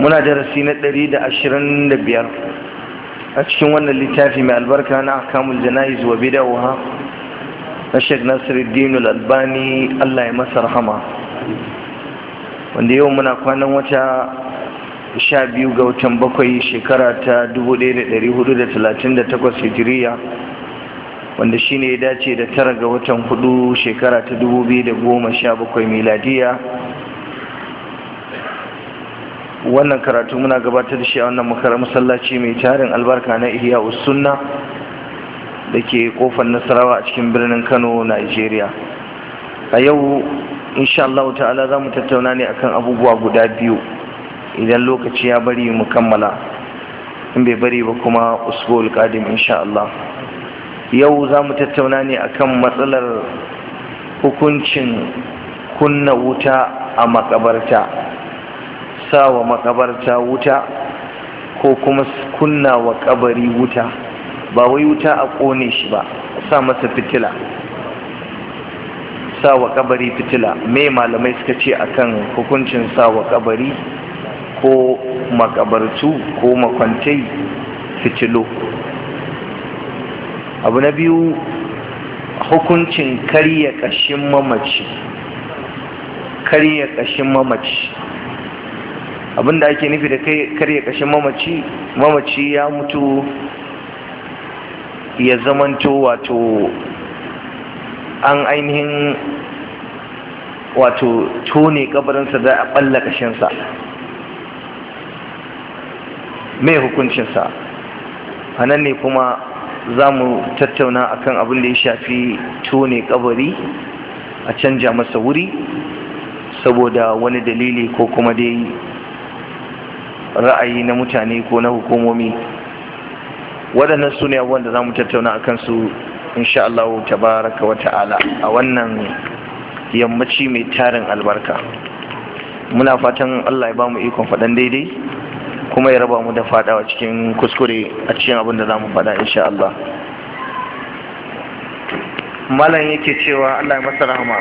muna darasi na ɗari da ashirin da biyar a cikin wannan littafi mai albarka na akamun jana'iz wa bidawa na sheik nasiruddin albani allah ya masa rahama wanda yau muna kwanan wata sha biyu ga watan bakwai shekara ta dubu ɗaya da da talatin da takwas hijiriya wanda shine ya dace da tara ga watan hudu shekara ta dubu biyu da goma sha bakwai miladiya wannan karatu muna gabatar da shi a wannan makarar masallaci mai tarin albarka na ihya sunna da ke kofar nasarawa a cikin birnin kano nigeria a yau insha Allah ta'ala za mu tattauna ne akan abubuwa guda biyu idan lokaci ya bari mu kammala in bai bari ba kuma usbul qadim insha Allah yau za mu tattauna ne akan matsalar hukuncin kunna wuta a makabarta sa wa makabarta wuta ko kuma kunna wa kabari wuta ba wai wuta a ƙone shi ba sa masa fitila sa wa kabari fitila me malamai suka ce akan hukuncin sa wa kabari ko makabartu ko makwantai fitilo abu na biyu hukuncin karya ƙashin mamaci karya ƙashin mamaci abinda ake nufi da kai karya kashin mamaci mamaci ya mutu ya zamanto wato an ainihin wato tone kabarinsa da a balla kashinsa mai hukuncinsa a nan ne kuma za mu tattauna akan abin da ya shafi tone kabari a canja masa wuri saboda wani dalili ko kuma dai ra'ayi na mutane ko na hukumomi waɗannan su ne abubuwan da za mu tattauna a kansu insha Allah baraka wa ta'ala a wannan yammaci mai tarin albarka muna fatan Allah ya ba mu ikon faɗan daidai kuma ya raba mu da faɗawa cikin kuskure a cikin abin da za mu faɗa insha'Allah. Allah malam yake cewa Allah ya masa rahama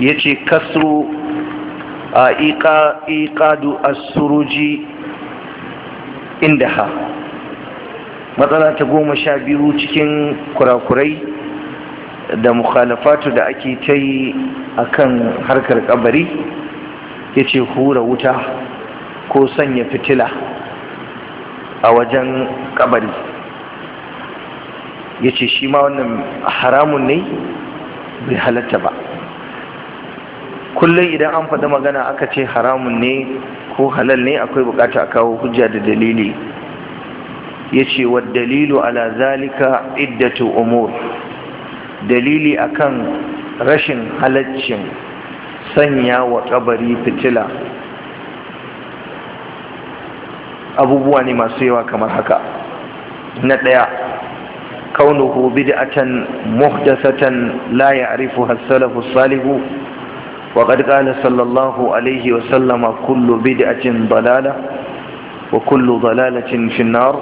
ya ce Kasu. a iqadu as-suruji indaha matsala ta goma sha biyu cikin kurakurai da mukhalafatu da ake ta yi a kan harkar kabari ya ce hura wuta ko sanya fitila a wajen kabari ya ce shi ma wannan haramun ne bai halatta ba kullum idan an faɗi magana aka ce haramun ne ko halal ne akwai bukata a kawo hujja da dalili ya ce wa dalilu ala zalika iddatu umur dalili akan rashin halaccin sanya wa kabari fitila abubuwa ne masu yawa kamar haka na ɗaya kaunuhu bid'atan muhdasatan la ya'rifuha salafu salihu وقد قال صلى الله عليه وسلم كل بدعة ضلالة وكل ضلالة في النار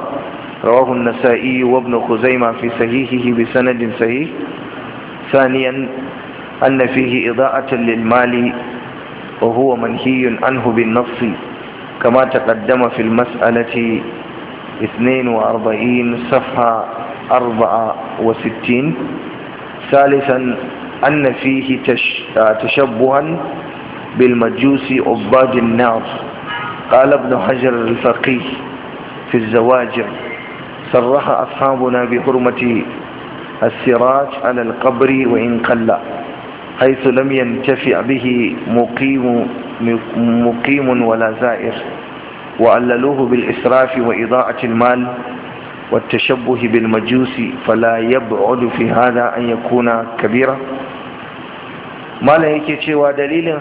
رواه النسائي وابن خزيمة في صحيحه بسند صحيح ثانيا أن فيه إضاءة للمال وهو منهي عنه بالنص كما تقدم في المسألة 42 صفحة 64 ثالثا أن فيه آه، تشبها بالمجوس عباد النار قال ابن حجر الفقيه في الزواجر صرح أصحابنا بحرمة السراج على القبر وإن قل حيث لم ينتفع به مقيم, مقيم ولا زائر وعللوه بالإسراف وإضاءة المال والتشبه بالمجوس فلا يبعد في هذا أن يكون كبيرا ما لا يكي cewa dalilin